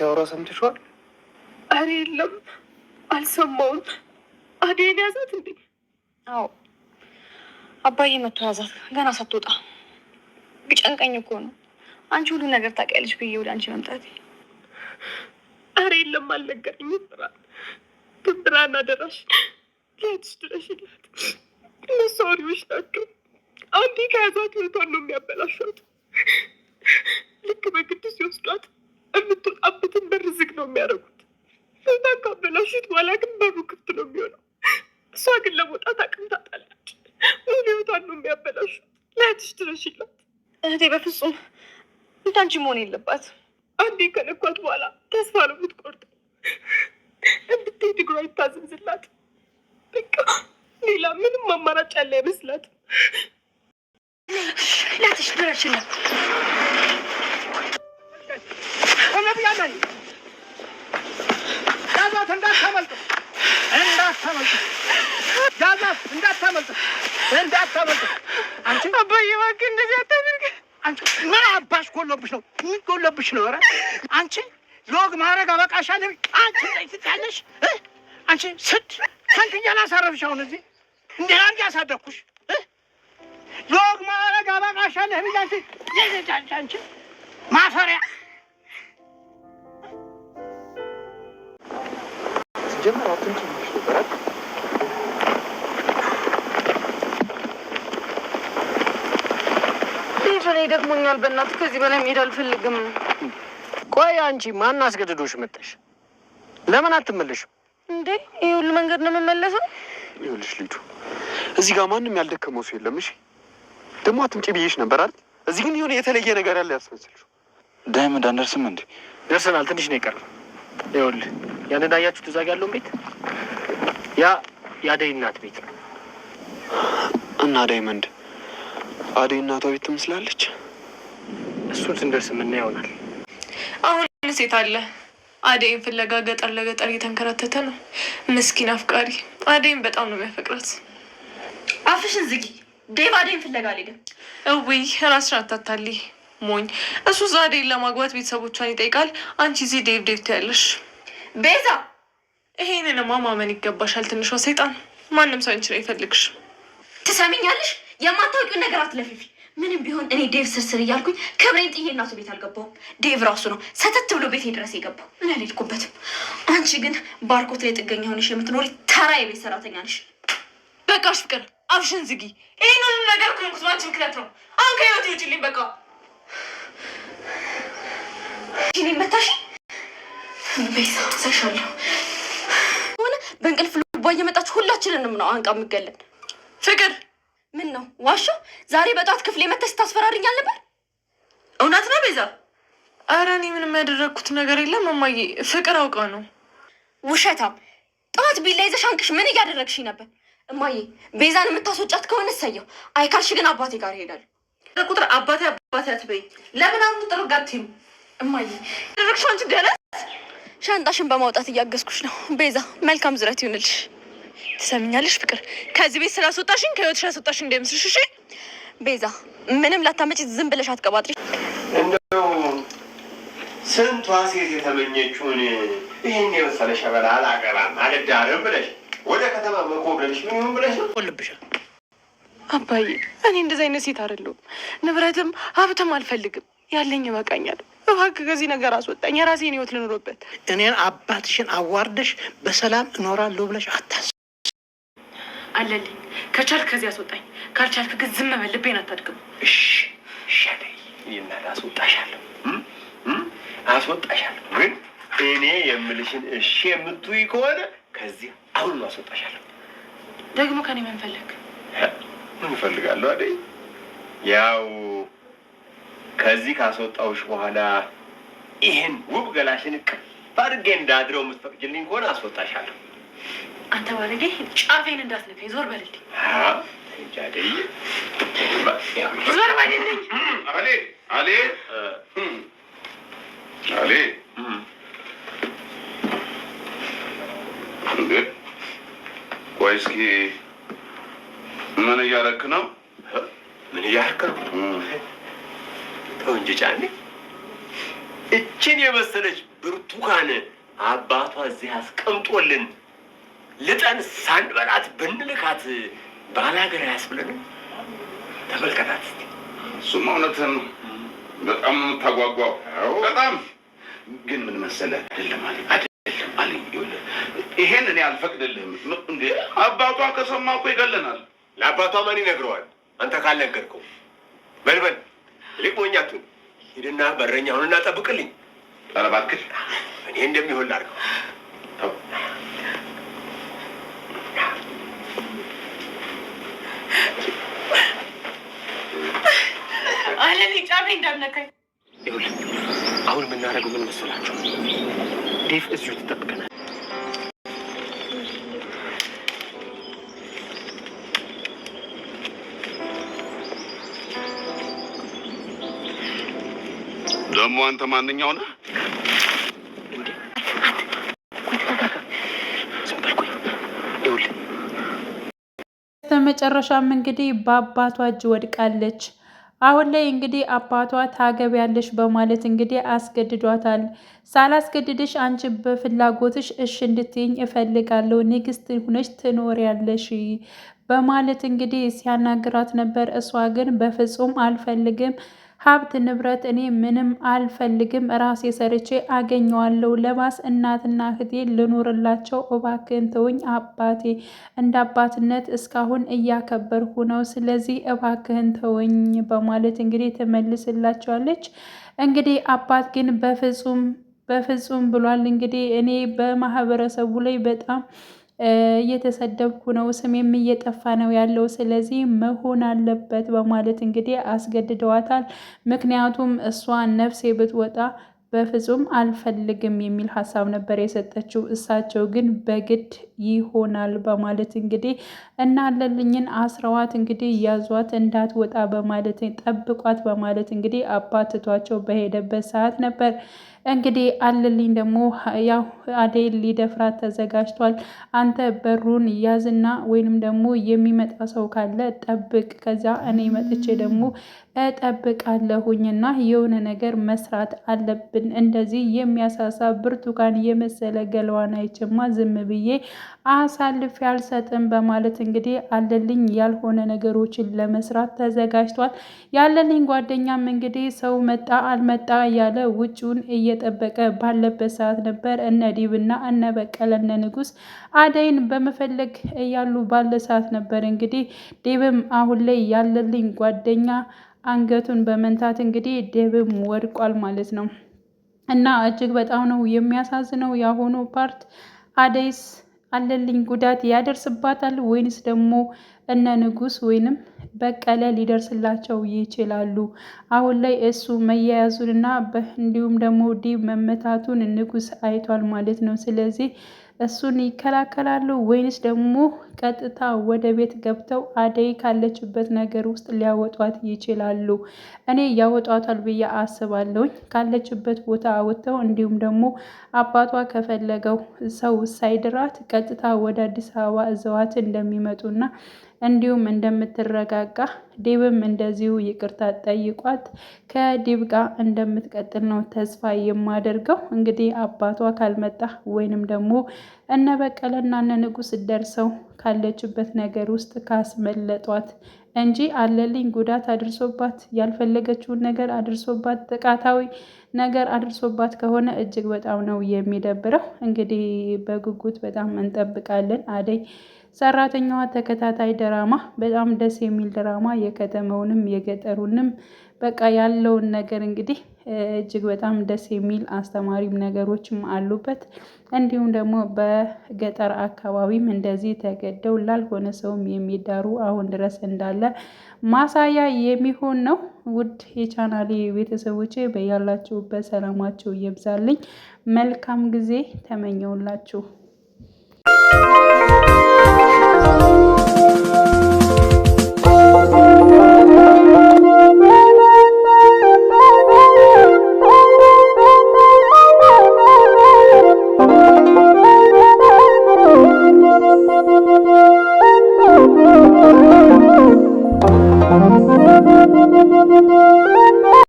ሲያወራ ሰምትሸዋል? አረ የለም አልሰማውም። አዴን ያዛት እንዴ? አዎ አባዬ መቶ ያዛት ገና ሳትወጣ። ቢጨንቀኝ እኮ ነው አንቺ ሁሉ ነገር ታውቂያለሽ ብዬ ወደ አንቺ መምጣቴ። አረ የለም አልነገረኝም። ብራ ግን ብራና ደራሽ ለያትሽ ድረሽላት። እነሱ አውሬዎች ናቸው። አንዴ ከያዛት ህይወቷን ነው የሚያበላሿት። ልክ በግድ ሲወስዷት የምትወጣበትን በር ዝግ ነው የሚያደርጉት። እና ካበላሹት በኋላ ግን በሩ ክፍት ነው የሚሆነው። እሷ ግን ለመውጣት አቅም ታጣለች። ሙሉ ህይወቷን ነው የሚያበላሹት። ለእህትሽ ድረሽላት። እህቴ በፍጹም እንዳንቺ መሆን የለባት። አንዴ ከነኳት በኋላ ተስፋ ነው የምትቆርጠው። እንድትሄድ እግሯ ይታዘዝላት። በቃ ሌላ ምንም አማራጭ ያለ አይመስላትም። ለእህትሽ ትረሽላት። እንዳትቀኝ፣ ያዛት እንዳታመልጥ፣ እንዳታመልጥ፣ ያዛት እንዳታመልጥ፣ እንዳታመልጥ። አንቺ አባዬ እባክህ እንደዚህ አታድርግ። አንቺ ምን አባሽ ጎሎብሽ ነው? ምን ጎሎብሽ ነው? ኧረ አንቺ ለወግ ማድረግ አበቃሻል። አንቺ ላይ አንቺ ስድ ከንት እያላሳረፍሽ አሁን እዚህ እንዲህ አድርጌ ያሳደግኩሽ ለወግ ማድረግ አበቃሻል። አንቺ ማፈሪያ መጀመሪያ ትንሽ ብረት ልጁ እኔ ይደክሞኛል። በእናትህ ከዚህ በላይ መሄድ አልፈልግም። ቆይ አንቺ ማን አስገድዶሽ መጣሽ? ለምን አትመለሽም እንዴ? ይህ ሁሉ መንገድ ነው የምመለሰው? ይኸውልሽ ልጁ እዚህ ጋር ማንም ያልደከመው ሰው የለም። እሺ ደግሞ አትምጪ ብዬሽ ነበር አይደል? እዚህ ግን የሆነ የተለየ ነገር ያለ ያስመስልሽ። ዳይመንድ አንደርስም እንዴ? ደርሰናል። ትንሽ ነው የቀረው። ይኸውልህ ያንን አያችሁት? ትዛግ ያለውን ቤት ያ የአደይ እናት ቤት እና አደይ አደይ እናቷ ቤት ትመስላለች። እሱን ስንደርስ የምናየው ይሆናል። አሁን ሴት አለ አደይን ፍለጋ ገጠር ለገጠር እየተንከራተተ ነው። ምስኪን አፍቃሪ አደይን በጣም ነው የሚያፈቅራት። አፍሽን ዝጊ ዴቭ፣ አደይን ፍለጋ አልሄድም። እውይ ራስሽን አታታልይ ሞኝ። እሱ ዛ አደይን ለማግባት ቤተሰቦቿን ይጠይቃል። አንቺ እዚህ ዴቭ ዴቭ ትያለሽ። ቤዛ ይሄንንማ ማመን ይገባሻል። ትንሿ ሰይጣን ማንም ሰው አንቺ ይፈልግሽ። ትሰሚኛለሽ? የማታውቂውን ነገር አትለፊፊ። ምንም ቢሆን እኔ ዴቭ ስርስር እያልኩኝ ክብሬን ጥዬ እናቱ ቤት አልገባውም። ዴቭ ራሱ ነው ሰተት ብሎ ቤቴ ድረስ የገባው። ምን አልሄድኩበትም። አንቺ ግን ባርኮት ላይ ጥገኛ ሆነሽ የምትኖሪ ተራ የቤት ሰራተኛ ነሽ። በቃሽ ፍቅር፣ አፍሽን ዝጊ። ይህን ሁሉ ነገር ኩንኩስ አንቺ ምክንያት ነው። አሁን ከህይወት ውጭልኝ። በቃ ይኔ መታሽ ሆነ በእንቅልፍ ልቧ እየመጣች ሁላችንንም ነው አንቃ የምገለን። ፍቅር ምን ነው ዋሻው? ዛሬ በጠዋት ክፍል የመተሽ ታስፈራርኝ አልነበር? እውነት ነው ቤዛ? አረ እኔ ምንም ያደረግኩት ነገር የለም እማዬ፣ ፍቅር አውቃ ነው። ውሸታም! ጠዋት ቢላ ይዘሽ አንቅሽ ምን እያደረግሽ ነበር? እማዬ ቤዛን የምታስወጫት ከሆነ እሰየው፣ አይካልሽ ግን አባቴ ጋር ይሄዳል። ቁጥር አባቴ አባቴ አትበይ። ለምን አንዱ ጥርጋት እማዬ ደረግሽ አንቺ ገለ ሻንጣሽን በማውጣት እያገዝኩሽ ነው። ቤዛ መልካም ዝረት ይሁንልሽ። ትሰምኛለሽ ፍቅር፣ ከዚህ ቤት ስላስወጣሽኝ ከህይወትሽ አስወጣሽ እንደምስልሽ። እሺ ቤዛ፣ ምንም ላታመጪ ዝም ብለሽ አትቀባጥሪ። እንደው ስንቷ ሴት የተመኘችውን ይህን የመሰለ ሸበላ አላገባም አልዳርም ብለሽ ወደ ከተማ መኮብለልሽ ምን ይሁን ብለሽ ነው ቆልብሻል። አባዬ፣ እኔ እንደዚህ አይነት ሴት አይደለሁም። ንብረትም ሀብትም አልፈልግም። ያለኝ ይበቃኛል። እባክህ ከዚህ ነገር አስወጣኝ። የራሴን ህይወት ልኖርበት። እኔን አባትሽን አዋርደሽ በሰላም እኖራለሁ ብለሽ አታስ አለልኝ። ከቻልክ ከዚህ አስወጣኝ፣ ካልቻልክ ግን ዝም በል። ልቤን አታድግም። እሺ፣ እሺ አስወጣሻለሁ፣ አስወጣሻለሁ። ግን እኔ የምልሽን እሺ የምትይ ከሆነ ከዚህ አሁን አስወጣሻለሁ። ደግሞ ከኔ ምን ፈለግ? ምን እፈልጋለሁ? አይደል ያው ከዚህ ካስወጣውሽ በኋላ ይህን ውብ ገላሽን እቅፍ አድርጌ እንዳድረው የምትፈቅጂልኝ ከሆነ አስወጣሻለሁ። አንተ ባለጌ ጫፌን እንዳትነካኝ ዞር በልልኝ። ዞር በልልኝ። አሌ አሌ አሌ ቆይ እስኪ ምን እያረክ ነው? ምን እያረክ ነው? ተው እንጂ ጫኔ። እችን የመሰለች ብርቱካን አባቷ እዚህ አስቀምጦልን ልጠን ሳንበላት ብንልካት ባላገር ያስብለን። ተመልከታት። እሱማ እውነትህን ነው። በጣም ነው የምታጓጓው። በጣም ግን ምን መሰለህ፣ አይደለም አለኝ፣ አይደለም አለኝ። ይኸውልህ ይሄን እኔ አልፈቅድልህም። እንዴ አባቷ ከሰማ እኮ ይገለናል። ለአባቷ ማን ይነግረዋል? አንተ ካልነገርከው በልበል ልቅሞኛቱ ሂድና በረኛውን እና ጠብቅልኝ። ኧረ እባክህ እኔ እንደሚሆን ላድርገው። አለን ጫሜ እንዳነካኝ። ይኸውልህ አሁን የምናደርገው ምን መሰላችሁ? ዴፍ እዚሁ ትጠብቀናል። ደግሞ አንተ ማንኛው ነህ? በመጨረሻም እንግዲህ በአባቷ እጅ ወድቃለች። አሁን ላይ እንግዲህ አባቷ ያለሽ በማለት እንግዲህ አስገድዷታል። ሳላስገድድሽ አንቺ በፍላጎትሽ እሽ እንድትይኝ እፈልጋለሁ፣ ንግስት ሁነሽ ያለሽ በማለት እንግዲህ ሲያናግራት ነበር። እሷ ግን በፍጹም አልፈልግም ሀብት ንብረት እኔ ምንም አልፈልግም፣ ራሴ ሰርቼ አገኘዋለሁ። ለባስ እናትና እህቴ ልኖርላቸው፣ እባክህን አባቴ። እንደ አባትነት እስካሁን እያከበርኩ ነው፣ ስለዚህ እባክህን በማለት እንግዲህ ትመልስላቸዋለች። እንግዲህ አባት ግን በፍጹም በፍጹም ብሏል። እንግዲህ እኔ በማህበረሰቡ ላይ በጣም እየተሰደብኩ ነው፣ ስሜም እየጠፋ ነው ያለው። ስለዚህ መሆን አለበት በማለት እንግዲህ አስገድደዋታል። ምክንያቱም እሷ ነፍሴ ብትወጣ በፍጹም አልፈልግም የሚል ሀሳብ ነበር የሰጠችው። እሳቸው ግን በግድ ይሆናል በማለት እንግዲህ እናለልኝን አስረዋት እንግዲህ ያዟት እንዳትወጣ በማለት ጠብቋት በማለት እንግዲህ አባትቷቸው በሄደበት ሰዓት ነበር። እንግዲህ አለልኝ ደግሞ ያው አደይ ሊደፍራት ተዘጋጅቷል። አንተ በሩን ያዝና ወይንም ደግሞ የሚመጣ ሰው ካለ ጠብቅ፣ ከዚያ እኔ መጥቼ ደግሞ እጠብቃለሁኝና የሆነ ነገር መስራት አለብን። እንደዚህ የሚያሳሳ ብርቱካን የመሰለ ገለዋን አይችማ ዝም ብዬ አሳልፌ አልሰጥም በማለት እንግዲህ አለልኝ ያልሆነ ነገሮችን ለመስራት ተዘጋጅቷል። ያለልኝ ጓደኛም እንግዲህ ሰው መጣ አልመጣ እያለ ውጭውን እየጠበቀ ባለበት ሰዓት ነበር እነ ዲብና እነ በቀለ እነ ንጉስ አደይን በመፈለግ እያሉ ባለ ሰዓት ነበር እንግዲህ ዲብም አሁን ላይ ያለልኝ ጓደኛ አንገቱን በመንታት እንግዲህ ዴብም ወድቋል ማለት ነው። እና እጅግ በጣም ነው የሚያሳዝነው የአሁኑ ፓርት አደይስ አለልኝ ጉዳት ያደርስባታል ወይንስ ደግሞ እነ ንጉስ ወይንም በቀለ ሊደርስላቸው ይችላሉ? አሁን ላይ እሱ መያያዙንና እንዲሁም ደግሞ ዲብ መመታቱን ንጉስ አይቷል ማለት ነው። ስለዚህ እሱን ይከላከላሉ ወይንስ ደግሞ ቀጥታ ወደ ቤት ገብተው አደይ ካለችበት ነገር ውስጥ ሊያወጧት ይችላሉ? እኔ ያወጧታል ብዬ አስባለሁኝ። ካለችበት ቦታ አወጥተው እንዲሁም ደግሞ አባቷ ከፈለገው ሰው ሳይድራት ቀጥታ ወደ አዲስ አበባ እዘዋት እንደሚመጡና እንዲሁም እንደምትረጋጋ ዲብም እንደዚሁ ይቅርታ ጠይቋት ከዲብ ጋር እንደምትቀጥል ነው ተስፋ የማደርገው። እንግዲህ አባቷ ካልመጣ ወይንም ደግሞ እነ በቀለና እነ ንጉስ ደርሰው ካለችበት ነገር ውስጥ ካስመለጧት እንጂ አለልኝ ጉዳት አድርሶባት ያልፈለገችውን ነገር አድርሶባት ጥቃታዊ ነገር አድርሶባት ከሆነ እጅግ በጣም ነው የሚደብረው። እንግዲህ በጉጉት በጣም እንጠብቃለን አደይ ሰራተኛዋ ተከታታይ ድራማ በጣም ደስ የሚል ድራማ የከተማውንም የገጠሩንም በቃ ያለውን ነገር እንግዲህ እጅግ በጣም ደስ የሚል አስተማሪም ነገሮችም አሉበት። እንዲሁም ደግሞ በገጠር አካባቢም እንደዚህ ተገደው ላልሆነ ሰውም የሚዳሩ አሁን ድረስ እንዳለ ማሳያ የሚሆን ነው። ውድ የቻናሌ ቤተሰቦች በያላችሁበት ሰላማችሁ ይብዛልኝ። መልካም ጊዜ ተመኘውላችሁ።